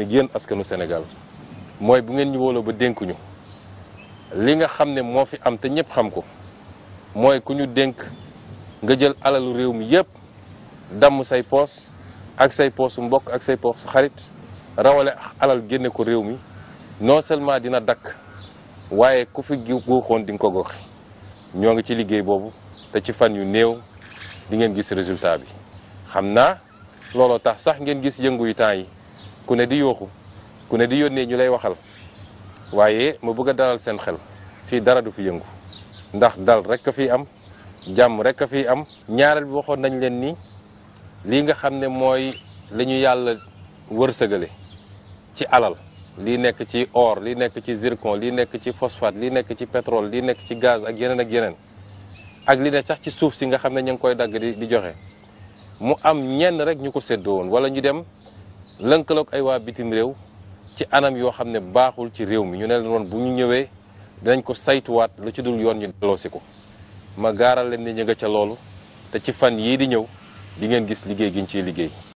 ne yéen askanu senegal mooy bu ngeen ñu wóoloo ba dénkuñu li nga xam ne moo fi am te ñëpp xam ko mooy ku ñu dénk nga jël alalu réew mi yëpp damm say poos ak say poosu mbokk ak say poosu xarit rawale alal génne ko réew mi non seulement dina dakk waaye ku fi guuxoon di nga ko goxi ñoo ngi ci liggéey boobu te ci fan yu néew di ngeen gis résultat bi xam naa looloo tax sax ngeen gis yëngu yu temps yi ku ne di yooxu ku ne di yónnee ñu lay waxal waaye ma bëgg a dalal seen xel fii dara du fi yëngu ndax dal rek a fi am jàmm rek a fi am ñaareel bi waxoon nañ leen nii lii nga xam ne mooy la ñu yàlla wërsëgale ci alal lii nekk ci or lii nekk ci zircon lii nekk ci phosphate lii nekk ci pétrole lii nekk ci gaz ak yeneen ak yeneen ak li ne sax ci suuf si nga xam ne ñu ngi koy dagg di di joxe mu am ñenn rek ñu ko séddoo woon wala ñu dem lënkaloog ay waa bitim réew ci anam yoo xam ne baaxul ci réew mi ñu ne leen woon bu ñu ñëwee dinañ ko saytuwaat lu ci dul yoon ñu delloosi ko ma gaaral leen ne ñu nga ca loolu te ci fan yii di ñëw di ngeen gis liggéey giñ ciy liggéey